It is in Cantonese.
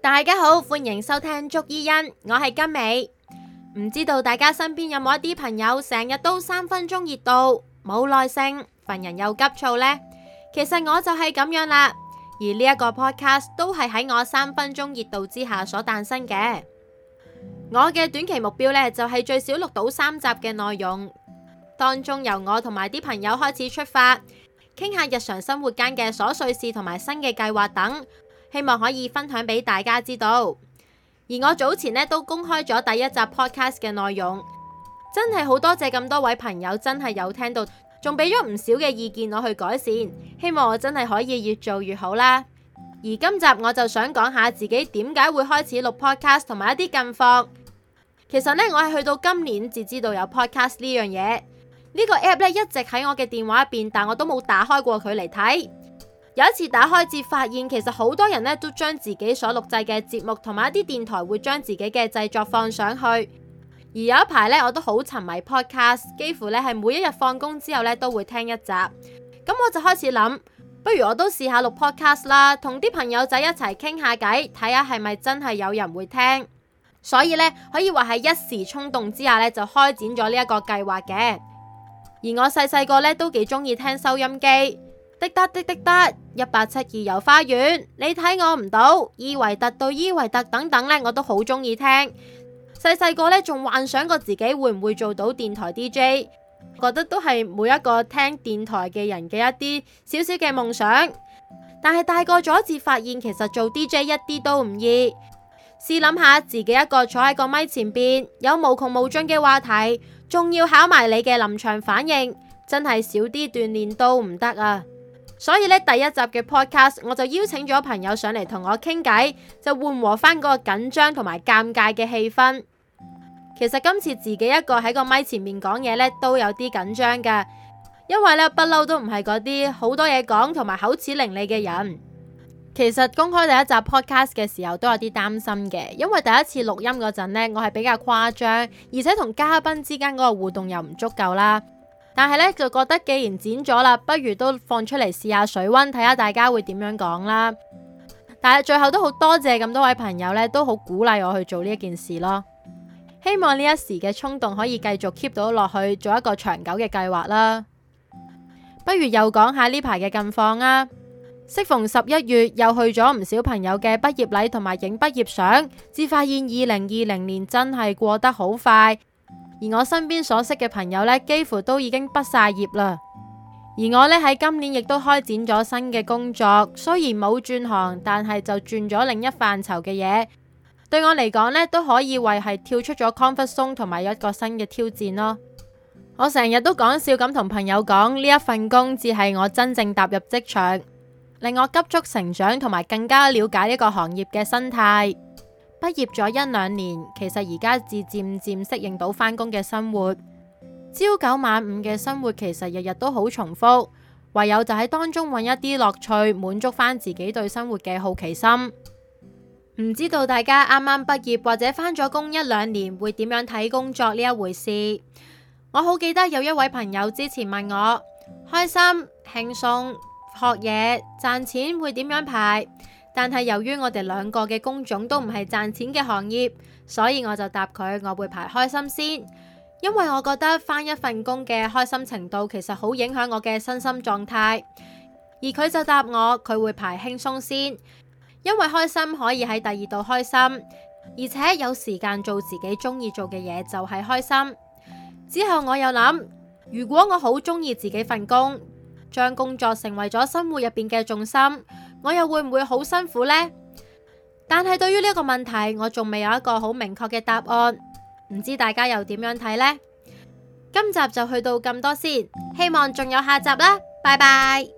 大家好，歡迎收聽《捉伊人》，我係金美。唔知道大家身邊有冇一啲朋友成日都三分鐘熱度，冇耐性，份人又急躁呢？其實我就係咁樣啦。而呢一個 podcast 都係喺我三分鐘熱度之下所誕生嘅。我嘅短期目標呢，就係、是、最少錄到三集嘅內容，當中由我同埋啲朋友開始出發。傾下日常生活間嘅瑣碎事同埋新嘅計劃等，希望可以分享俾大家知道。而我早前呢都公開咗第一集 podcast 嘅內容，真係好多謝咁多位朋友真係有聽到，仲俾咗唔少嘅意見我去改善，希望我真係可以越做越好啦。而今集我就想講下自己點解會開始錄 podcast 同埋一啲近況。其實呢，我係去到今年至知道有 podcast 呢樣嘢。呢個 app 咧一直喺我嘅電話入邊，但我都冇打開過佢嚟睇。有一次打開至發現，其實好多人呢都將自己所錄製嘅節目同埋一啲電台會將自己嘅製作放上去。而有一排呢，我都好沉迷 podcast，幾乎呢係每一日放工之後呢都會聽一集。咁我就開始諗，不如我都試下錄 podcast 啦，同啲朋友仔一齊傾下偈，睇下係咪真係有人會聽。所以呢，可以話係一時衝動之下呢，就開展咗呢一個計劃嘅。而我細細個咧都幾中意聽收音機，滴答滴滴答，一八七二遊花園，你睇我唔到，伊維特到伊維特等等咧，我都好中意聽。細細個咧仲幻想過自己會唔會做到電台 DJ，覺得都係每一個聽電台嘅人嘅一啲少少嘅夢想。但係大個咗，至發現其實做 DJ 一啲都唔易。試諗下自己一個坐喺個咪前邊，有無窮無盡嘅話題。仲要考埋你嘅臨場反應，真係少啲鍛煉都唔得啊！所以呢，第一集嘅 podcast 我就邀請咗朋友上嚟同我傾偈，就緩和翻嗰個緊張同埋尷尬嘅氣氛。其實今次自己一個喺個咪前面講嘢呢，都有啲緊張噶，因為呢，不嬲都唔係嗰啲好多嘢講同埋口齒伶俐嘅人。其實公開第一集 podcast 嘅時候都有啲擔心嘅，因為第一次錄音嗰陣呢，我係比較誇張，而且同嘉賓之間嗰個互動又唔足夠啦。但係咧就覺得既然剪咗啦，不如都放出嚟試下水溫，睇下大家會點樣講啦。但係最後都好多謝咁多位朋友咧，都好鼓勵我去做呢一件事咯。希望呢一時嘅衝動可以繼續 keep 到落去，做一個長久嘅計劃啦。不如又講下呢排嘅近況啊！適逢十一月，又去咗唔少朋友嘅畢業禮同埋影畢業相，至發現二零二零年真係過得好快。而我身邊所識嘅朋友呢，幾乎都已經畢晒業啦。而我呢，喺今年亦都開展咗新嘅工作，雖然冇轉行，但係就轉咗另一範疇嘅嘢。對我嚟講呢，都可以為係跳出咗 comfort zone 同埋一個新嘅挑戰咯。我成日都講笑咁同朋友講，呢一份工只係我真正踏入職場。令我急速成長，同埋更加了解呢個行業嘅生態。畢業咗一兩年，其實而家至漸漸適應到返工嘅生活。朝九晚五嘅生活，其實日日都好重複，唯有就喺當中揾一啲樂趣，滿足翻自己對生活嘅好奇心。唔知道大家啱啱畢業或者返咗工一兩年，會點樣睇工作呢一回事？我好記得有一位朋友之前問我，開心輕鬆。學嘢、賺錢會點樣排？但係由於我哋兩個嘅工種都唔係賺錢嘅行業，所以我就答佢，我會排開心先，因為我覺得返一份工嘅開心程度其實好影響我嘅身心狀態。而佢就答我，佢會排輕鬆先，因為開心可以喺第二度開心，而且有時間做自己中意做嘅嘢就係開心。之後我又諗，如果我好中意自己份工。將工作成為咗生活入邊嘅重心，我又會唔會好辛苦呢？但係對於呢個問題，我仲未有一個好明確嘅答案，唔知大家又點樣睇呢？今集就去到咁多先，希望仲有下集啦，拜拜。